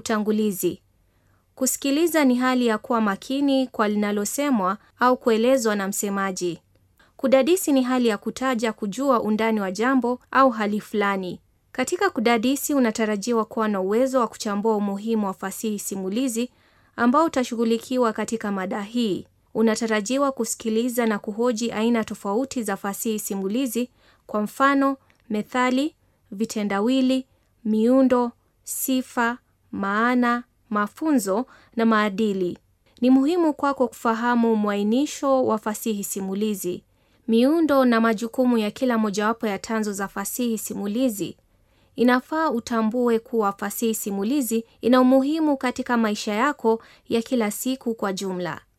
Utangulizi. Kusikiliza ni hali ya kuwa makini kwa linalosemwa au kuelezwa na msemaji. Kudadisi ni hali ya kutaja, kujua undani wa jambo au hali fulani. Katika kudadisi, unatarajiwa kuwa na uwezo wa kuchambua umuhimu wa fasihi simulizi ambao utashughulikiwa katika mada hii. Unatarajiwa kusikiliza na kuhoji aina tofauti za fasihi simulizi, kwa mfano, methali, vitendawili, miundo, sifa maana, mafunzo na maadili. Ni muhimu kwako kufahamu mwainisho wa fasihi simulizi, miundo na majukumu ya kila mojawapo ya tanzo za fasihi simulizi. Inafaa utambue kuwa fasihi simulizi ina umuhimu katika maisha yako ya kila siku kwa jumla.